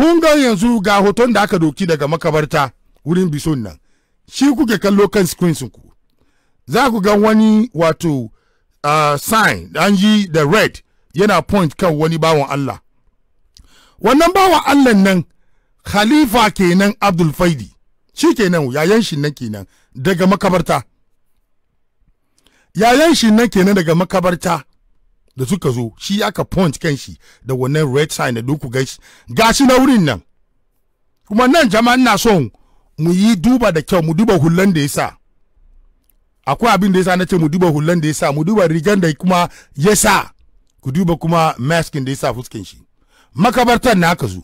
kun ga yanzu ga hoton da aka doki daga makabarta wurin bison nan shi kuke kallo kan screen ku za ku ga wani wato uh, sign an yi da red yana point kan wani bawan Allah wannan bawan Allah nan khalifa kenan Abdul Faidi shi kenan yayan shi nan kenan daga makabarta yayan shi nan kenan daga makabarta da suka zo shi aka point kan shi da wannan red sign da doku gashi gashi na wurin nan kuma nan jama'a ina son mu yi duba da kyau mu duba hullan da ya akwai abin da ya na ce mu duba hullan da ya mu duba rigan da kuma yasa sa ku duba kuma maskin da ya sa fuskin shi makabartar na aka zo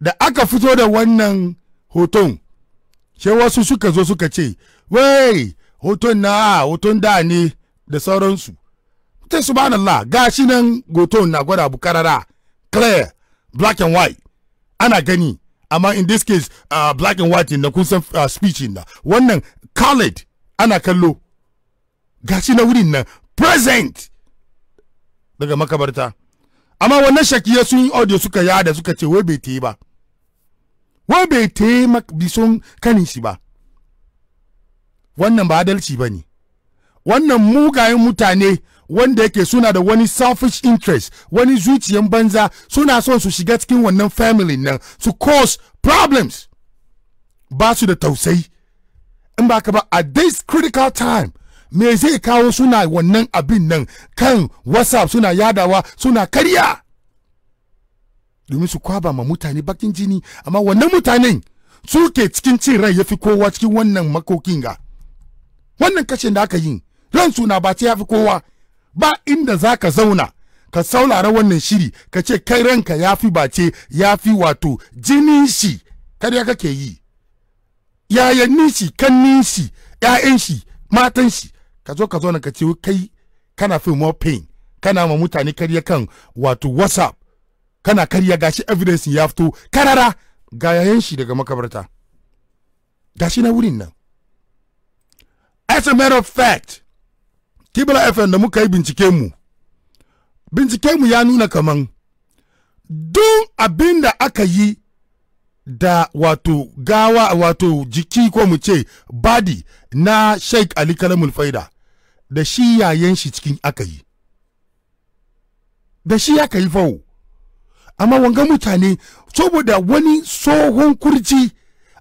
da aka fito da wannan hoton sai wasu suka zo suka ce wai hoton na hoton da ne da sauransu ta subhanallah shi nan goton na gwada abu karara clear black and white ana gani amma in this case uh, black and white na kun san uh, speech na wannan colored ana kallo ga shi na wurin nan present daga makabarta amma wannan shakiya sun yi audio suka yada suka ce wai bai te ba wai bai te bison kanin shi ba wannan ba adalci ba ne wannan mugayen mutane wanda yake suna da wani selfish interest wani zuciyan banza suna son su shiga cikin wannan family nan su cause problems ba su da tausayi in ba ka ba at this critical time me zai kawo suna wannan abin nan kan whatsapp suna yadawa suna karya domin su kwaba ma mutane bakin jini amma wannan mutanen suke cikin cin rai ya fi kowa cikin wannan makokin ga wannan kashe da aka yi ran suna ba ta ya fi kowa ba inda za ka zauna ka saulara wannan shiri ka ce kai ranka ya fi bace ya fi wato jinin shi karya kake yi yayannin shi kannin shi ƴaƴan shi matan shi ka zo ka zo ka ce kai kana fi more pain kana ma mutane karya kan wato whatsapp kana karya gashi evidence ya fito karara ga yayan shi daga makabarta gashi na wurin nan as a matter of fact kibla fm da muka yi binciken mu binciken mu ya nuna kaman duk abin da aka yi da wato gawa wato jiki ko mu ce badi na sheik ali kalamul faida da shi yayen shi cikin aka yi da shi aka yi fawo amma wanga mutane saboda wani tsohon kurci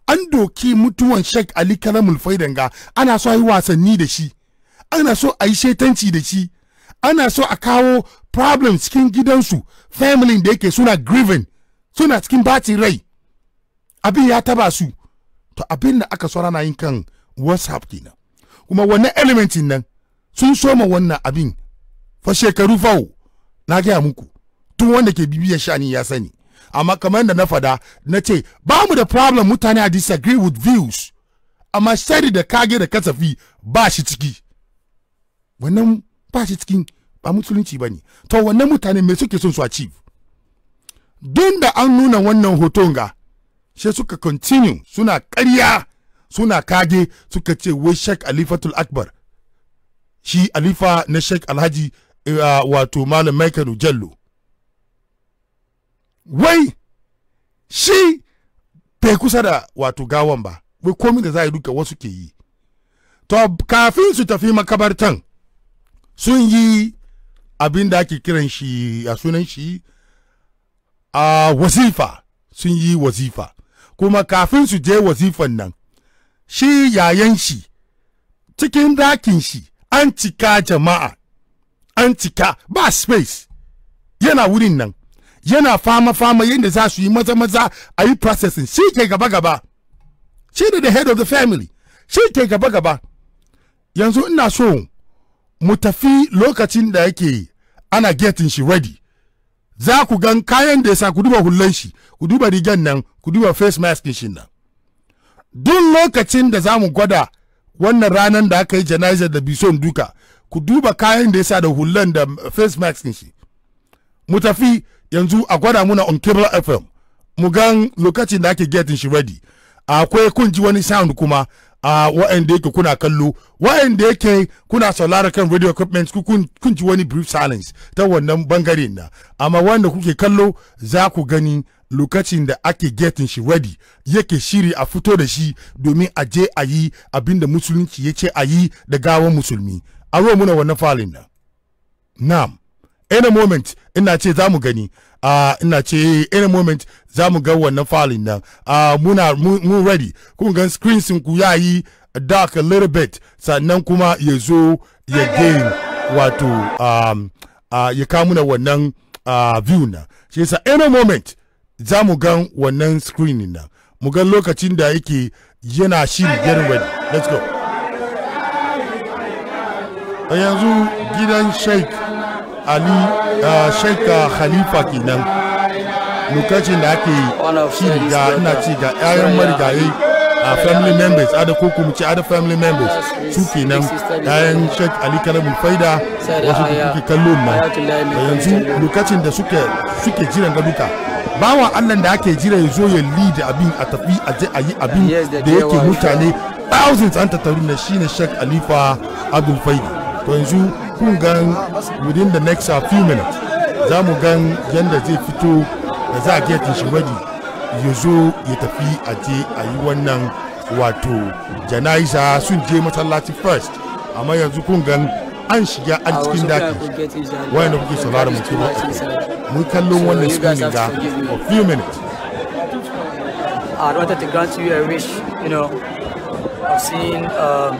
an doki mutuwan sheik ali kalamul ga ana so yi wasanni da shi ana so a yi shaitanci da shi ana so a kawo problem cikin gidansu family da yake suna grieving suna cikin bacin rai abin ya taba su to abin da aka so na yin kan whatsapp kenan kuma wannan elementin nan sun soma wannan abin fa shekaru fawo na gaya muku tun wanda ke bibiyar shani ya sani amma kamar da na fada na ce ba mu da problem mutane a disagree with views amma shari da kage da kasafi ba shi ciki wannan ba shi cikin ba musulunci ba ne to wannan mutane me suke son su achieve don da an nuna wannan hoton ga sai suka continue suna karya suna kage suka ce wai sheik alifatul akbar shi alifa na sheik alhaji uh, wato malam maikanu jallo wai shi bai kusa da wato gawan ba wai komi da za a yi duka wasu ke yi to kafin su tafi makabartan sun yi abin da ake kiran shi a sunan shi a wasifa sun yi wasifa kuma kafin su je wasifan nan shi yayan shi cikin dakin shi an cika jama'a an cika ba space yana wurin nan yana fama-fama yadda za su yi maza-maza a yi processing shi ke gaba-gaba shi da the head of the family shi ke gaba-gaba yanzu ina so mu tafi lokacin da yake ana getin shi ready za ku gan kayan da ya sa ku duba hulan shi ku duba rigan nan ku duba face mask shi nan duk lokacin da za mu gwada wannan ranar da aka yi janazar da bison duka ku duba kayan da ya sa da hullan da face mask shi mu tafi yanzu a gwada muna on cable fm mu gan lokacin da ake getin shi ready akwai kun ji wani sound kuma a wa'anda yake kuna kallo wa'anda yake kuna saurara kan radio equipment kun ji wani brief silence ta wannan bangare na amma wanda kuke kallo za ku gani lokacin da ake getin shi ready yake shiri a fito da shi domin a je a yi abinda musulunci ya ce a yi da gawan musulmi a muna wannan falin na na'am any moment ina ce za mu gani uh, ina ce any moment za mu ga wannan falin nan uh, muna mu ready kun gan screen sun ku yayi dark a little bit sannan kuma ya zo ya gain wato um, uh, ya kamu na wannan uh, view na shi yasa any moment za mu gan wannan screen na mu gan lokacin da yake yana shiri getting ready let's go a yanzu gidan shake ali ah, sheikh ah, khalifa kenan lokacin da ake shiri da ina ci ga 'ya'yan marigayi a ah, family members ada ko kuma ci ada family members su kenan yayan sheikh ali kalamul faida wasu da kuke kallo ma da yanzu lokacin da suke suke jiran ga duka bawa allah da ake jira ya zo ya lead abin a tafi a je a yi abin da yake mutane thousands an tattaru na shine sheikh alifa abdul faida to yanzu kun gan within the next few minutes za mu gan yadda zai fito da za a getin shi wadi ya zo ya tafi a je a yi wannan wato jana'iza sun je masallaci first amma yanzu kun gan an shiga an cikin daki da kuke sauraron mu kuma mun kallon wannan screening ga a few minutes uh, I wanted to grant you a wish, you know, of seeing um,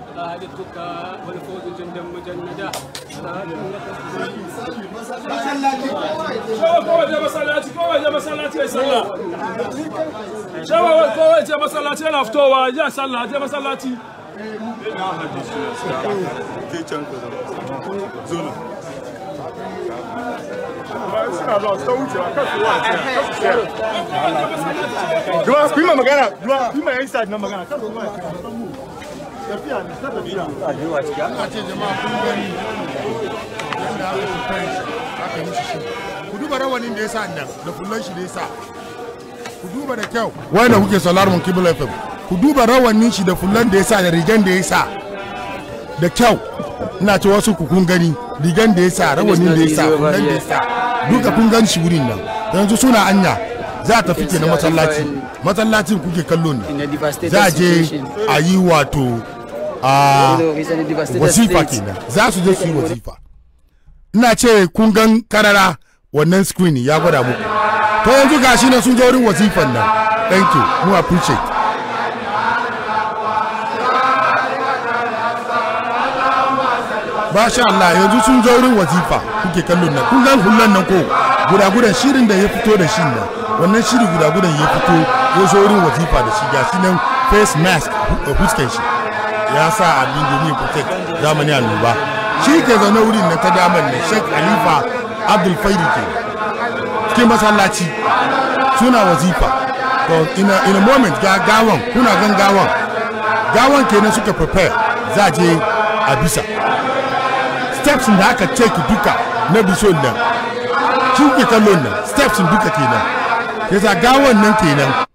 هذه البكاء والفوز جندا مجندا شوف فوز يا مسلاتي شوفوا يا مسلاتي يا سلا شوف فوز يا مسلاتي انا افتوى يا سلا يا مسلاتي زونا Duwa, ku yi ma magana, duwa, ku yi ma yan sa na magana, kan ruwa ya kai. ku duba rawanin da ya sa nan da kullun da ya sa ku duba da kyau wai da kuke solar mun kibla fm ku duba rawanin shi da fullan da ya sa da rigan da ya sa da kyau ina ce wasu ku kun gani rigan da ya sa rawanin da ya sa fullan da ya sa duka kun gan shi wurin nan yanzu suna anya za a tafi na matsalacin matsalacin kuke kallon ne za a je a yi wato a wasifa kenan za su je su yi wasifa ina ce kun gan karara wannan screen ya gwada muku to yanzu shi na sun je wurin wasifan nan thank you mu appreciate Masha Allah yanzu sun zo wurin wazifa kuke kallon nan kun gan hullan nan ko gudagudan shirin da ya fito da shi nan wannan shiri gudagudan ya fito ya zo wurin wazifa da shi gashi nan face mask a eh, fuskan shi ya sa abin ya protect zamani annoba shi ke zaune wurin na ta damar ne sheikh khalifa abdul fairi ke cikin masallaci suna wazifa in a, in a moment ga gawan kuna gan gawan gawan kenan suka prepare za je a bisa steps da aka take duka na bison nan kuke kallon nan steps duka kenan yasa ga nan kenan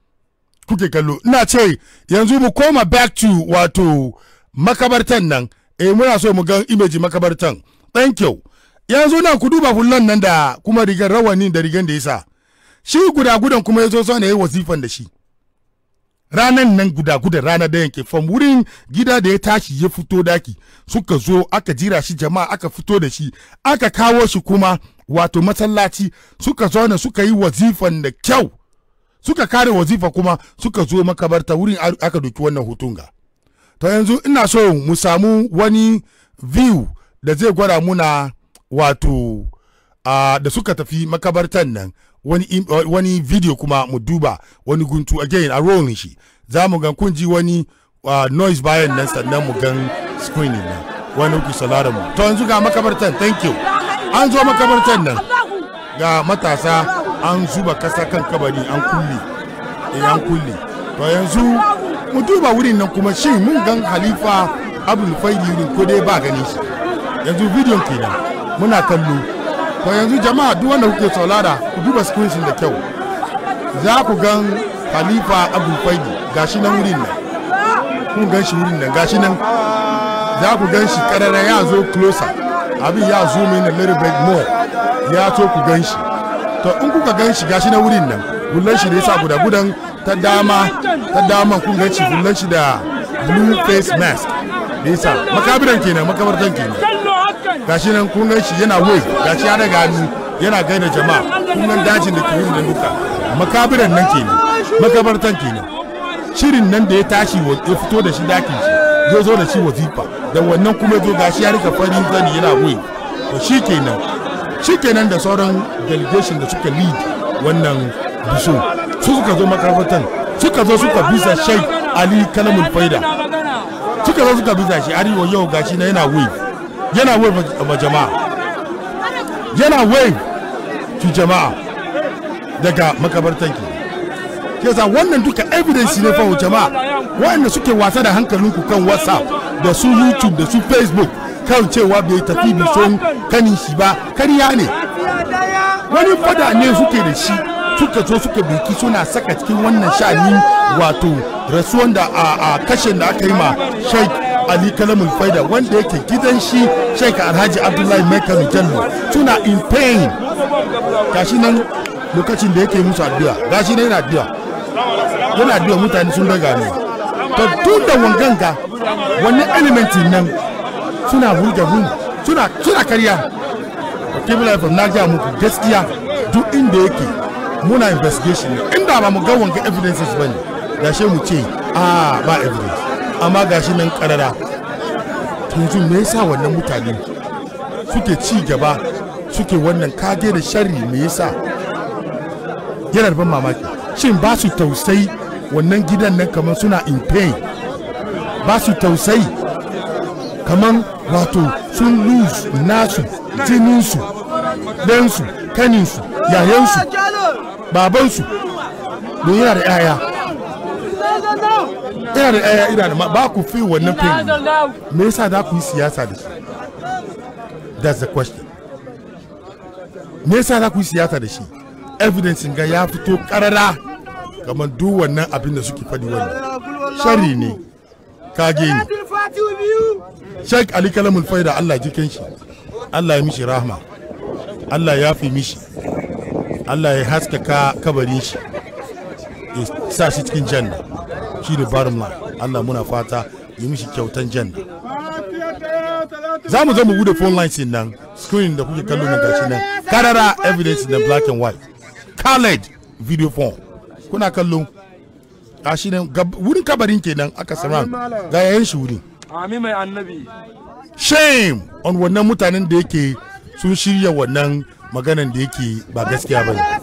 kuke kallo ina ce yanzu mu koma back to wato makabartan nan eh muna so mu ga image makabartan thank you yanzu nan ku duba hullan nan da kuma rigar rawanin da rigar da yasa shi guda gudan kuma yazo so ne yayi wasifan da shi ranan nan guda gudan rana da yanke fam wurin gida da ya tashi ya fito daki suka zo aka jira shi jama'a aka fito da shi aka kawo shi kuma wato masallaci suka zauna suka yi wazifan da kyau suka kare wazifa kuma suka zo makabarta wurin aka doki wannan hutun ga to yanzu ina so mu samu wani view da zai gwada muna wato uh, da suka tafi makabartan nan wani, wani video kuma mu duba wani guntu again a role shi za mu gan kun ji wani uh, noise bayan nan sannan mu gan screening nan wani uku salaramu mu to yanzu ga makabartan thank you an zo makabartar nan ga matasa an zuba kasa kan kabari an kulle eh, an kulle to yanzu mu duba wurin nan kuma shi mun gan halifa abul faidi ko dai ba gani shi yanzu bidiyon kenan muna kallo to yanzu jama'a duk wanda kuke saurara ku duba screen da kyau za ku gan halifa abul faidi gashi nan wurin nan kun gan shi wurin nan gashi nan za ku gan shi karara ya zo closer abin ya zoom in a little bit more ya to ku gan shi to in kuka gan shi gashi na wurin nan hullan shi da yasa guda gudan ta dama ta dama kun gan shi hullan shi da blue face mask da yasa makabiran kenan makabartan kenan gashi nan kun gan shi yana wai gashi ya daga hannu yana da jama'a kun gan dajin da ke wurin nan duka makabiran nan kenan makabartan kenan shirin nan da ya tashi ya fito da shi dakin shi ya zo da shi wazifa da wannan kuma zo gashi ya rika farin zani yana wai to shi kenan shi kenan da sauran delegation da suka lead wannan biso su suka zo makarfatan suka zo suka bisa shai ali kalamun faida suka zo suka bisa shi har yau gashi na yana wai yana wai ma jama'a yana wai su jama'a daga makabartan kenan ke yasa wannan duka evidence ne fawo jama'a waɗanda suke wasa da hankalin ku kan whatsapp da su youtube da su facebook kan cewa bai tafi bison kani shi ba kariya ne wani fada ne suke da shi suka zo suka biki suna saka cikin wannan sha'ani wato rasuwan da a kashin da aka yi ma sheikh ali kalamul faida wanda yake gidan shi sheikh alhaji abdullahi michael jallo suna in pain gashi nan lokacin da yake musu addu'a gashi nan yana addu'a yana addu'a mutane sun daga ne to tun da wanganga wani elementi nan suna hulga hun suna suna karya kibla ya na ga muku gaskiya duk inda yake muna investigation inda ba mu ga wanga evidences bane da mu ce a ah, ba evidence amma gashi nan karara yanzu me yasa wannan mutane suke ci gaba suke wannan kage da sharri me yasa yana da ban mamaki shin ba su tausayi wannan gidan nan kamar suna in pain ba su tausayi kamar wato sun lose nasu jininsu ɗansu kaninsu yayansu babansu don yana da 'ya'ya yana da 'ya'ya ina da ba ku fi wannan pain me yasa za ku yi siyasa da shi that's the question me yasa za ku yi siyasa da shi evidence ga ya fito karara kamar duk wannan abin da suke faɗi wani shari ne kage ne sheik ali kalamul faida allah jikin shi allah ya mishi rahma allah ya fi mishi allah ya haskaka kabarin shi ya sa shi cikin janna shi ne barin allah muna fata ya mishi kyautan janna za mu zo gude phone lines nan screen da kuke kallo na gashi nan karara evidence na black and white college video phone kuna kallo a shi ne wurin kabarin kenan aka sama ga yayin shi wurin amin mai annabi shame on wannan mutanen da yake sun shirya wannan maganan da yake ba gaskiya ba